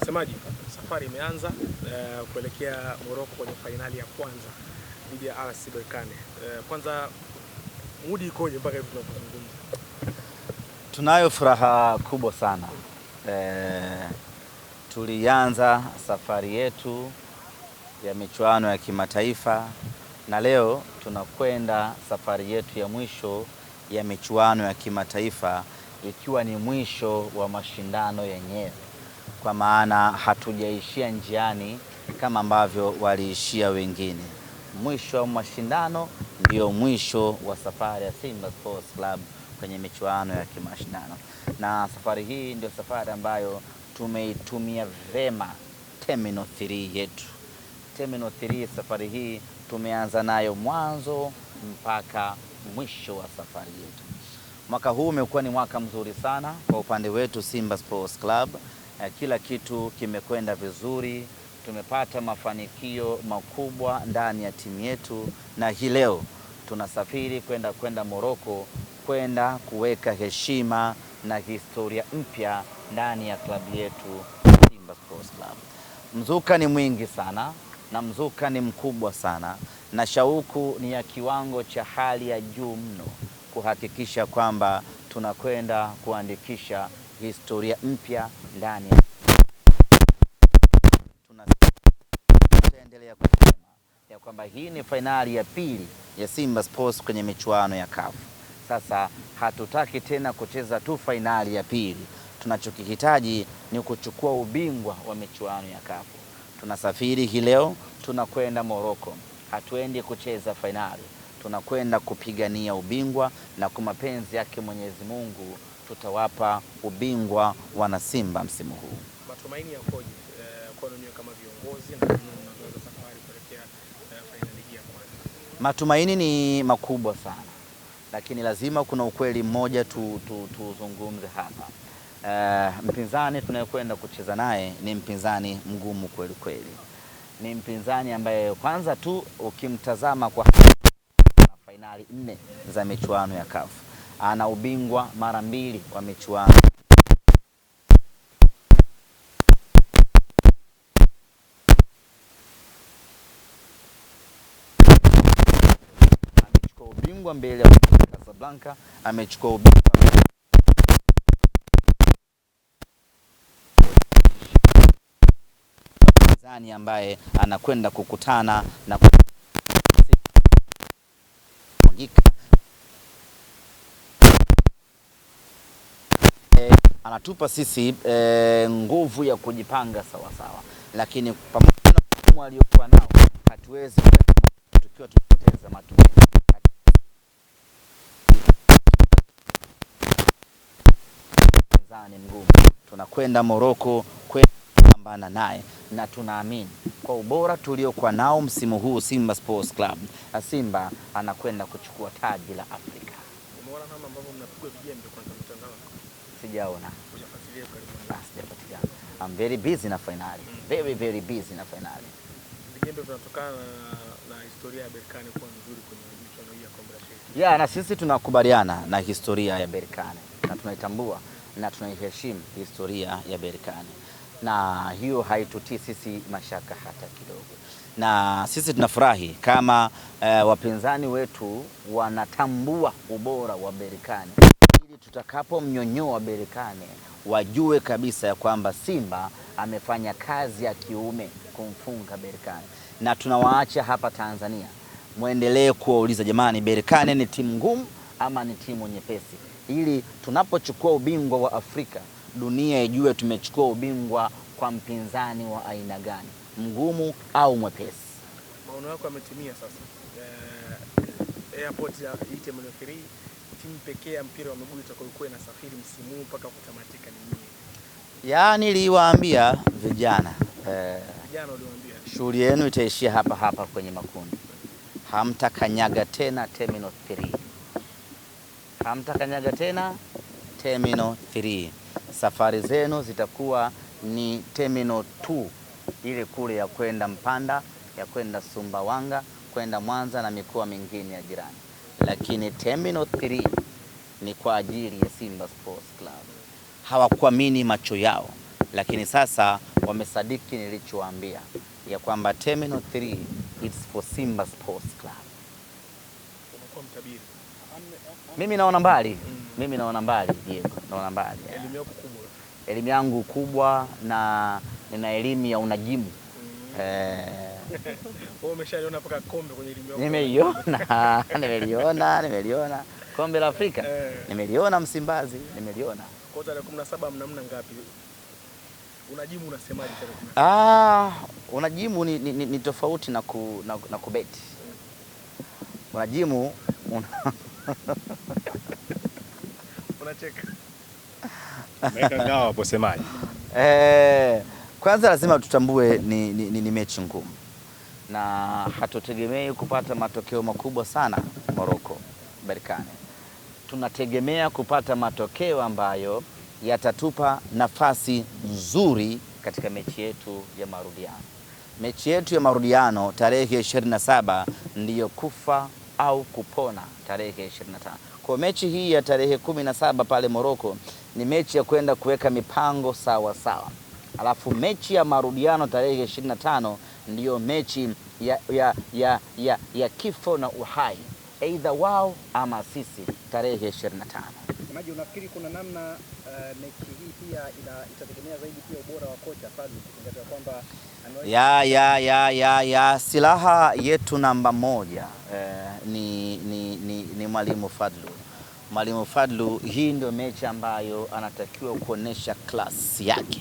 Msemaji, safari imeanza uh, kuelekea Morocco kwenye fainali ya kwanza dhidi ya RS Berkane. Uh, eh, kwanza mudi ikoje mpaka hivi tunapozungumza? Tunayo furaha kubwa sana uh, tulianza safari yetu ya michuano ya kimataifa na leo tunakwenda safari yetu ya mwisho ya michuano ya kimataifa ikiwa ni mwisho wa mashindano yenyewe, kwa maana hatujaishia njiani kama ambavyo waliishia wengine. Mwisho wa mashindano ndio mwisho wa safari ya Simba Sports Club kwenye michuano ya kimashindano, na safari hii ndio safari ambayo tumeitumia vema Terminal 3 yetu. Terminal 3 safari hii tumeanza nayo mwanzo mpaka mwisho wa safari yetu. Mwaka huu umekuwa ni mwaka mzuri sana kwa upande wetu Simba Sports Club. Eh, kila kitu kimekwenda vizuri, tumepata mafanikio makubwa ndani ya timu yetu, na hii leo tunasafiri kwenda kwenda Moroko kwenda kuweka heshima na historia mpya ndani ya klabu yetu Simba Sports Club. Mzuka ni mwingi sana na mzuka ni mkubwa sana, na shauku ni ya kiwango cha hali ya juu mno kuhakikisha kwamba tunakwenda kuandikisha historia mpya ndani ya kusema ya kwamba hii ni fainali ya pili ya Simba Sports kwenye michuano ya kafu. Sasa hatutaki tena kucheza tu fainali ya pili, tunachokihitaji ni kuchukua ubingwa wa michuano ya kafu. Tunasafiri hii leo, tunakwenda Morocco. Hatuendi kucheza fainali, tunakwenda kupigania ubingwa, na kwa mapenzi yake Mwenyezi Mungu tutawapa ubingwa wanasimba msimu huu. Matumaini yakoje eh, kwenu kama viongozi na safari kuelekea eh, fainali ya kwanza? Matumaini ni makubwa sana, lakini lazima kuna ukweli mmoja tu, tu, tuzungumze hapa uh, mpinzani tunayekwenda kucheza naye ni mpinzani mgumu kweli kweli, ni mpinzani ambaye kwanza tu ukimtazama kwa fainali nne za michuano ya CAF ana ubingwa mara mbili wa michuano amechukua ubingwa mbele ya Casablanca, amechukua ubingwa Zani ambaye anakwenda kukutana na e, anatupa sisi e, nguvu ya kujipanga sawasawa sawa. Lakini pamoja na mfumo aliokuwa nao hatuwezi tukiwa tupoteza matumaini ni mgumu. Tunakwenda Moroko kupambana naye, na tunaamini kwa ubora tuliokuwa nao msimu huu Simba Sports Club, Simba anakwenda kuchukua taji la Afrika. Umeona namna ambavyo mnapiga vijembe mtandao? Sijaona. Unafuatilia ah, Sijafuatilia. I'm very busy na finali. Mm. Very very busy na finali. Vijembe vinatokana na historia ya Berkane kuwa nzuri kwenye michuano hii ya Kombe la Shirikisho. Yeah, na sisi tunakubaliana na historia ya Berkane na tunaitambua na tunaiheshimu historia ya Berkane na hiyo haitutii sisi mashaka hata kidogo, na sisi tunafurahi kama e, wapinzani wetu wanatambua ubora wa berikani ili tutakapomnyonyoa Berikane wajue kabisa ya kwamba Simba amefanya kazi ya kiume kumfunga Berikane, na tunawaacha hapa Tanzania mwendelee kuwauliza jamani, berikani ni timu ngumu ama ni timu nyepesi, ili tunapochukua ubingwa wa Afrika dunia ijue tumechukua ubingwa kwa mpinzani wa aina gani, mgumu au mwepesi. Maono yako yametimia sasa. E, airport ya ite Mlokheri, timu pekee ya mpira wa miguu itakayokuwa inasafiri msimu huu mpaka kutamatika ni nini? Yaani niliwaambia vijana eh, vijana uliwaambia shughuli yenu itaishia hapa hapa kwenye makundi, hamtakanyaga tena terminal 3, hamtakanyaga tena terminal 3 safari zenu zitakuwa ni terminal 2 ile kule ya kwenda Mpanda, ya kwenda Sumbawanga, kwenda Mwanza na mikoa mingine ya jirani, lakini terminal 3 ni kwa ajili ya Simba Sports Club. Hawakuamini macho yao, lakini sasa wamesadiki nilichowaambia ya kwamba terminal 3 it's for Simba Sports Club. Mimi naona mbali mimi naona mbali Diego, naona mbali yeah. Elimu yako kubwa? Elimu yangu kubwa na nina elimu ya unajimu mm. eh, umeshaliona mpaka kombe kwenye elimu yako? Nimeiona, nimeliona, nimeliona kombe la Afrika eh. Nimeliona Msimbazi, nimeliona kwa tarehe 17 mnamna ngapi? Unajimu unasemaje tarehe Ah, unajimu ni, ni, ni, ni tofauti na, ku, na, na kubeti. Unajimu una unacheka. Meka ngao semaji. Eh, kwanza lazima tutambue ni, ni, ni, ni mechi ngumu na hatutegemei kupata matokeo makubwa sana Morocco Berkane. Tunategemea kupata matokeo ambayo yatatupa nafasi nzuri katika mechi yetu ya marudiano. Mechi yetu ya marudiano tarehe 27 ndiyo kufa au kupona tarehe 25. Kwa mechi hii ya tarehe kumi na saba pale Morocco ni mechi ya kwenda kuweka mipango sawa sawa, alafu mechi ya marudiano tarehe 25 ndiyo mechi ya, ya, ya, ya, ya kifo na uhai, aidha wao ama sisi, tarehe 25. na Maji, unafikiri kuna namna uh, mechi hii pia itategemea zaidi pia ubora wa kocha Fadlu, kuzingatia kwamba ya, ya, ya, ya, ya silaha yetu namba moja eh, ni, ni, ni, ni Mwalimu Fadlu. Mwalimu Fadlu, hii ndio mechi ambayo anatakiwa kuonesha klasi yake.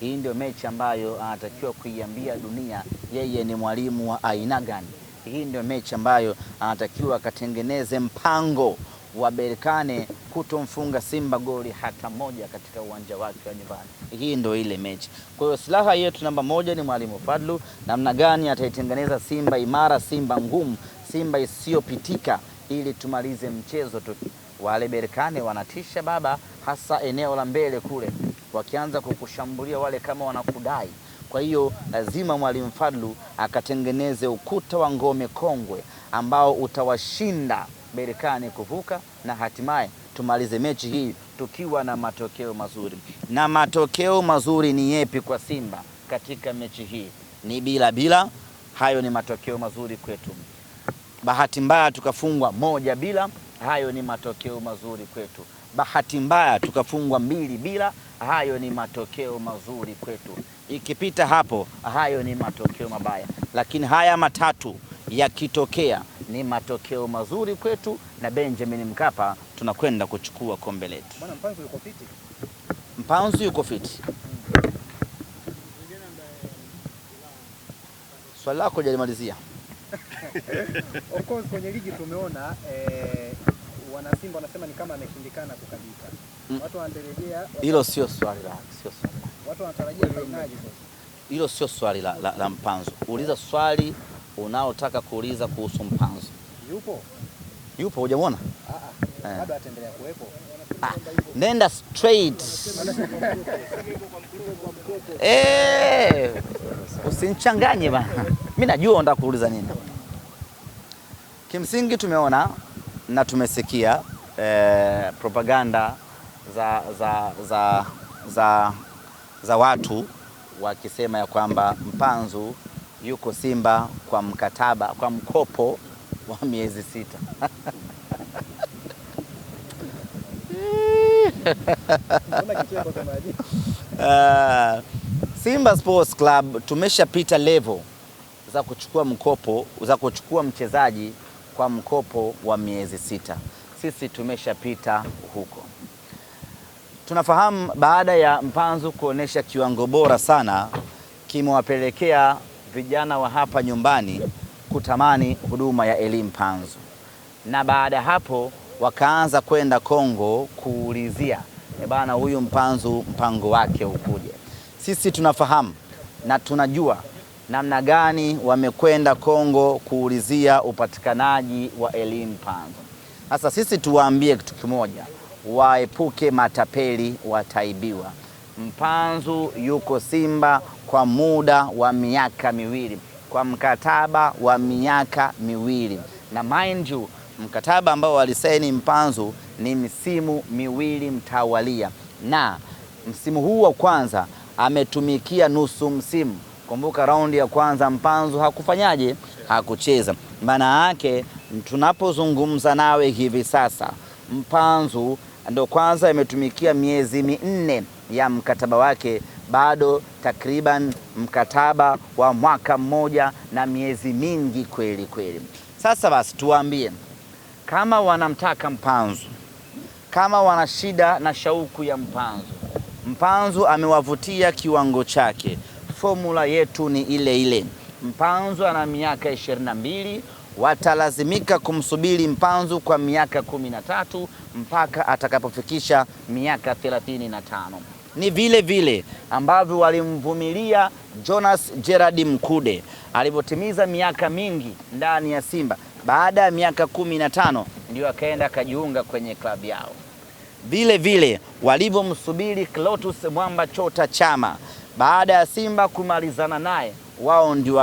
Hii ndio mechi ambayo anatakiwa kuiambia dunia yeye ni mwalimu wa aina gani. Hii ndio mechi ambayo anatakiwa akatengeneze mpango wa Berkane kutomfunga Simba goli hata moja katika uwanja wake wa nyumbani. Hii ndio ile mechi. Kwa hiyo silaha yetu namba moja ni mwalimu Fadlu, namna gani ataitengeneza Simba imara, Simba ngumu, Simba isiyopitika ili tumalize mchezo tu. Wale Berkane wanatisha baba, hasa eneo la mbele kule, wakianza kukushambulia wale kama wanakudai. Kwa hiyo lazima mwalimu Fadlu akatengeneze ukuta wa ngome kongwe ambao utawashinda Berkane kuvuka na hatimaye tumalize mechi hii tukiwa na matokeo mazuri. Na matokeo mazuri ni yepi kwa Simba katika mechi hii? Ni bila bila, hayo ni matokeo mazuri kwetu. Bahati mbaya tukafungwa moja bila, hayo ni matokeo mazuri kwetu. Bahati mbaya tukafungwa mbili bila, hayo ni matokeo mazuri kwetu. Ikipita hapo, hayo ni matokeo mabaya, lakini haya matatu yakitokea ni matokeo mazuri kwetu, na Benjamin Mkapa tunakwenda kuchukua kombe letu. Bwana Mpanzu yuko fiti, Mpanzu yuko fiti. Swali lako hujalimalizia. Of course kwenye ligi tumeona eh, wanasimba wanasema ni kama ameshindikana kukabika. Mm. Watu wanarejea hilo sio swali la sio swali. Watu wanatarajia fainali. Hilo sio swali la, la, la Mpanzu. Uliza swali unaotaka kuuliza kuhusu Mpanzu yupo, yupo hujamwona? Ah, ah. eh. Bado kuwepo. Ah, nenda straight eh, usinchanganye bana, mimi najua unataka kuuliza nini. Kimsingi tumeona na tumesikia eh, propaganda za, za, za, za, za watu wakisema ya kwamba Mpanzu yuko Simba kwa mkataba kwa mkopo wa miezi sita. Uh, Simba Sports Club tumeshapita level za kuchukua mkopo za kuchukua mchezaji kwa mkopo wa miezi sita. Sisi tumeshapita huko. Tunafahamu baada ya Mpanzu kuonesha kiwango bora sana kimewapelekea vijana wa hapa nyumbani kutamani huduma ya elimu panzu, na baada ya hapo wakaanza kwenda Kongo kuulizia e bana, huyu mpanzu mpango wake ukuje. Sisi tunafahamu na tunajua namna gani wamekwenda Kongo kuulizia upatikanaji wa elimu panzu. Sasa sisi tuwaambie kitu kimoja, waepuke matapeli, wataibiwa. Mpanzu yuko Simba kwa muda wa miaka miwili, kwa mkataba wa miaka miwili, na mind you mkataba ambao walisaini Mpanzu ni misimu miwili mtawalia, na msimu huu wa kwanza ametumikia nusu msimu. Kumbuka raundi ya kwanza Mpanzu hakufanyaje? Hakucheza. Maana yake tunapozungumza nawe hivi sasa Mpanzu ndo kwanza imetumikia miezi minne ya mkataba wake bado takriban mkataba wa mwaka mmoja na miezi mingi kweli kweli. Sasa basi, tuwaambie kama wanamtaka Mpanzu, kama wana shida na shauku ya Mpanzu, Mpanzu amewavutia kiwango chake. Fomula yetu ni ile ile. Mpanzu ana miaka ishirini na mbili watalazimika kumsubiri Mpanzu kwa miaka kumi na tatu mpaka atakapofikisha miaka thelathini na tano ni vile vile ambavyo walimvumilia Jonas Gerard Mkude alivyotimiza miaka mingi ndani ya Simba. Baada ya miaka kumi na tano ndio akaenda akajiunga kwenye klabu yao, vile vile walivyomsubiri Clatous Mwamba Chota Chama baada ya Simba kumalizana naye wao ndio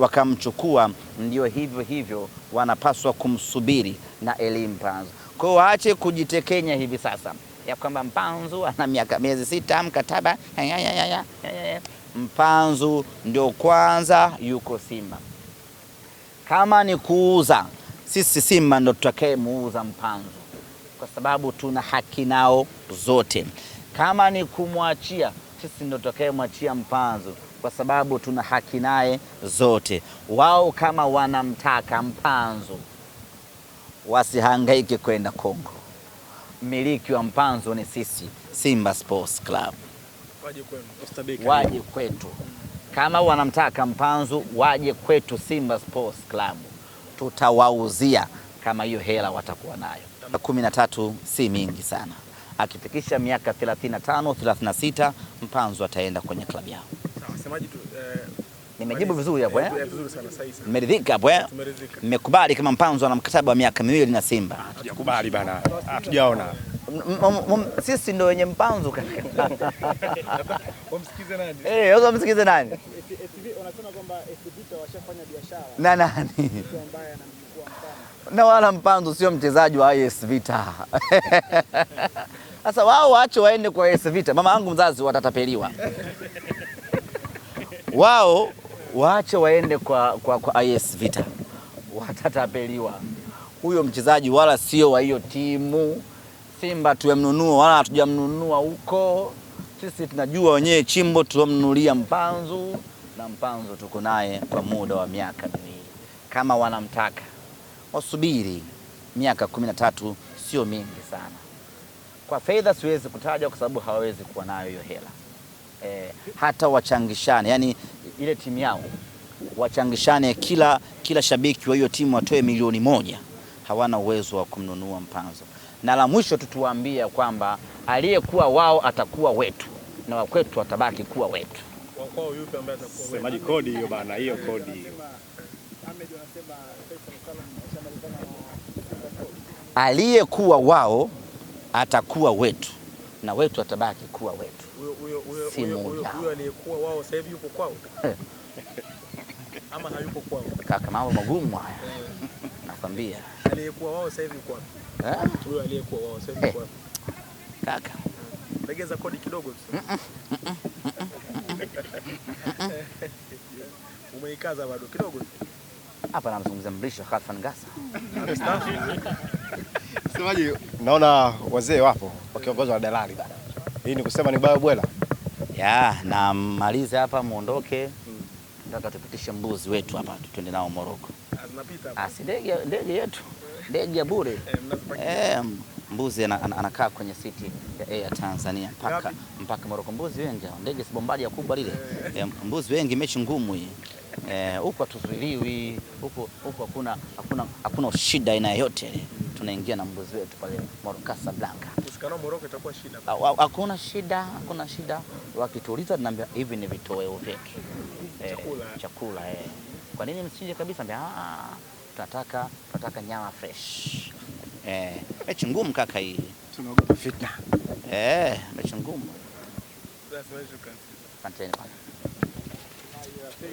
wakamchukua. Ndio hivyo hivyo wanapaswa kumsubiri na Elimpanzo. Kwa hiyo waache kujitekenya hivi sasa ya kwamba Mpanzu ana miaka miezi sita mkataba ya, ya, ya, ya, ya. Mpanzu ndio kwanza yuko Simba. Kama ni kuuza, sisi Simba ndo tutakayemuuza Mpanzu kwa sababu tuna haki nao zote. Kama ni kumwachia, sisi tutakaye mwachia Mpanzu kwa sababu tuna haki naye zote. Wao kama wanamtaka Mpanzu, wasihangaike kwenda Kongo miliki wa Mpanzo ni sisi Simba Sports Club, waje kwetu. Hmm. Kama wanamtaka Mpanzo waje kwetu Simba Sports Club, tutawauzia kama hiyo hela watakuwa nayo. kumi na tatu si mingi sana, akifikisha miaka 35 36 Mpanzo ataenda kwenye klabu yao. Eh, Nimejibu vizuri hapo eh? eh Nimeridhika hapo eh? Nimekubali kama mpanzo na mkataba wa miaka miwili na Simba. Hatujakubali bana. Hatujaona. Sisi ndio wenye mpanzo kaka. Wamsikize nani? Eh, wao wamsikize nani? Eh, eh, wanasema kwamba washafanya biashara. Na nani? Na wala mpanzo sio mchezaji wa AS Vita. Sasa wao waache waende kwa AS Vita. Mama yangu mzazi watatapeliwa. Wao waache waende kwa, kwa, kwa AS Vita, watatapeliwa. Huyo mchezaji wala sio wa hiyo timu. Simba tuemnunua wala hatujamnunua huko, sisi tunajua wenyewe chimbo tulomnunulia mpanzu na mpanzu tuko naye kwa muda wa miaka miwili. Kama wanamtaka wasubiri miaka kumi na tatu, sio mingi sana. Kwa fedha siwezi kutaja kwa sababu hawawezi kuwa nayo hiyo hela e, hata wachangishane, yani ile timu yao wachangishane, kila, kila shabiki wa hiyo timu watoe milioni moja. Hawana uwezo wa kumnunua Mpanzo. Na la mwisho tutuwaambia kwamba aliyekuwa wao atakuwa wetu na wakwetu watabaki kuwa wetu. Semaji kodi hiyo bana, hiyo kodi aliyekuwa wao atakuwa wetu na wetu atabaki kuwa wetu huyo aliyekuwa wao sasa hivi yuko kwao ama hayuko kwao? Kaka, mambo magumu haya eh. nakwambia. Aliyekuwa wao sasa hivi yuko wapi? Eh? Huyo aliyekuwa wao sasa hivi eh. yuko wapi? Kaka, legeza kodi kidogo tu. Umeikaza bado kidogo tu. Hapa Mrisho Khalfan naona wazee wapo wakiongozwa na dalali bana. Hii ni kusema ni baya bwela ya na hapa muondoke, nataka hmm, tupitishe mbuzi wetu hapa twende nao Moroko. Asi ah, ah, ndege ndege yetu ndege ya bure eh, eh mbuzi anakaa ana, ana kwenye siti ya eh, Air Tanzania mpaka mpaka Moroko. Mbuzi wengi ndege ya kubwa lile e, mbuzi wengi, mechi ngumu hii huko eh, hatuzuiliwi huko hakuna hakuna shida aina yoyote ile tunaingia na mbuzi wetu pale Casablanca. Kushikana Morocco itakuwa shida. Hakuna shida, hakuna shida. Wakituuliza tunaambia hivi ni vitoweo vyake. Eh, chakula. Eh, chakula eh. Kwa nini msije kabisa? Ambia ah, ah, ah, tunataka tunataka nyama fresh. Eh, mechi ngumu kaka hii. Tunaogopa fitna. Eh, mechi ngumu. Asante sana.